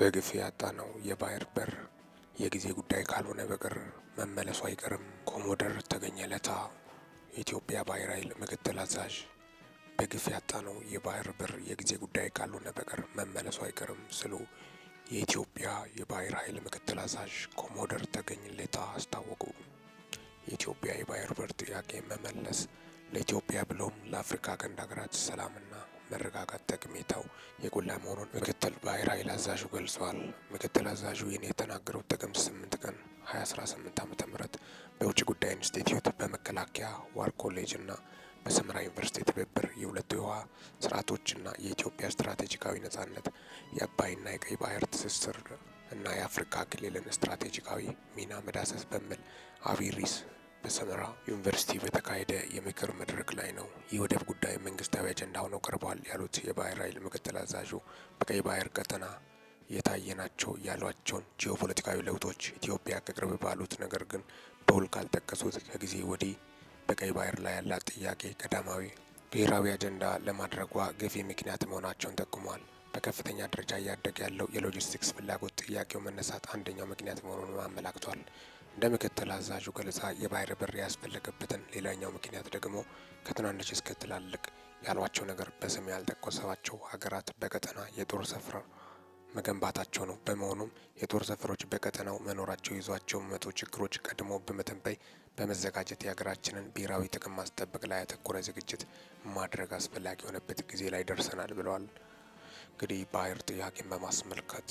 በግፍ ያጣነው የባህር በር የጊዜ ጉዳይ ካልሆነ በቀር መመለሱ አይቀርም። ኮሞደር ተገኘ ለታ የኢትዮጵያ ባህር ኃይል ምክትል አዛዥ በግፍ ያጣነው የባህር በር የጊዜ ጉዳይ ካልሆነ በቀር መመለሱ አይቀርም ስሉ የኢትዮጵያ የባህር ኃይል ምክትል አዛዥ ኮሞደር ተገኘ ሌታ አስታወቁ። የኢትዮጵያ የባህር በር ጥያቄ መመለስ ለኢትዮጵያ ብሎም ለአፍሪካ ቀንድ ሀገራት ሰላምን መረጋጋት ጠቀሜታው የጎላ መሆኑን ምክትል ባሕር ኃይል አዛዡ ገልጿል። ምክትል አዛዡ ይህን የተናገረው ጥቅምት 8 ቀን 2018 ዓ ም በውጭ ጉዳይ ኢንስቲትዩት በመከላከያ ዋር ኮሌጅ እና በሰመራ ዩኒቨርሲቲ ትብብር የሁለቱ የውሃ ስርዓቶችና የኢትዮጵያ ስትራቴጂካዊ ነጻነት የአባይና የቀይ ባህር ትስስር እና የአፍሪካ ክልልን ስትራቴጂካዊ ሚና መዳሰስ በሚል አቢይ ርዕስ በሰመራ ዩኒቨርሲቲ በተካሄደ የምክር መድረክ ላይ ነው የወደብ ጉዳይ መንግስታዊ አጀንዳ ሆነው ቀርቧል ያሉት የባህር ኃይል ምክትል አዛዡ በቀይ ባህር ቀጠና የታየ ናቸው ያሏቸውን ጂኦፖለቲካዊ ለውጦች ኢትዮጵያ ከቅርብ ባሉት ነገር ግን በውል ካልጠቀሱት ከጊዜ ወዲህ በቀይ ባህር ላይ ያላት ጥያቄ ቀዳማዊ ብሔራዊ አጀንዳ ለማድረጓ ገፊ ምክንያት መሆናቸውን ጠቁመዋል። በከፍተኛ ደረጃ እያደገ ያለው የሎጂስቲክስ ፍላጎት ጥያቄው መነሳት አንደኛው ምክንያት መሆኑን አመላክቷል። እንደ ምክትል አዛዡ ገለጻ የባህር በር ያስፈለገበትን ሌላኛው ምክንያት ደግሞ ከትናንሽ እስከ ትላልቅ ያሏቸው ነገር በስም ያልጠቆሰባቸው ሀገራት በቀጠና የጦር ሰፍራ መገንባታቸው ነው። በመሆኑም የጦር ሰፈሮች በቀጠናው መኖራቸው ይዟቸው መቶ ችግሮች ቀድሞ በመተንበይ በመዘጋጀት የሀገራችንን ብሔራዊ ጥቅም ማስጠበቅ ላይ ያተኮረ ዝግጅት ማድረግ አስፈላጊ የሆነበት ጊዜ ላይ ደርሰናል ብለዋል። እንግዲህ ባህር ጥያቄን በማስመልከት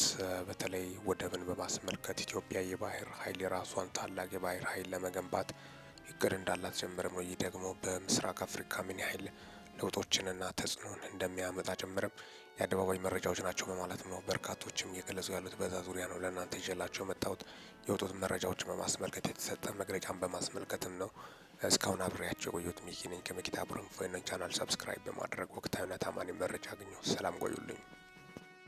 በተለይ ወደብን በማስመልከት ኢትዮጵያ የባህር ኃይል የራሷን ታላቅ የባህር ኃይል ለመገንባት እቅድ እንዳላት ጀምርም ነው። ይህ ደግሞ በምስራቅ አፍሪካ ምን ያህል ለውጦችንና ተጽዕኖን እንደሚያመጣ ጀምርም የአደባባይ መረጃዎች ናቸው በማለት ነው በርካቶችም እየገለጹ ያሉት በዛ ዙሪያ ነው። ለእናንተ ይዤላቸው የመጣሁት የወጡት መረጃዎችን በማስመልከት የተሰጠ መግለጫን በማስመልከትም ነው። እስካሁን አብሬያቸው የቆዩት ሚኪ ነኝ ከመኪታ ብሮንፎይነን ቻናል ሰብስክራይብ በማድረግ ወቅታዊና ታማኒ መረጃ አግኘሁ። ሰላም ቆዩልኝ።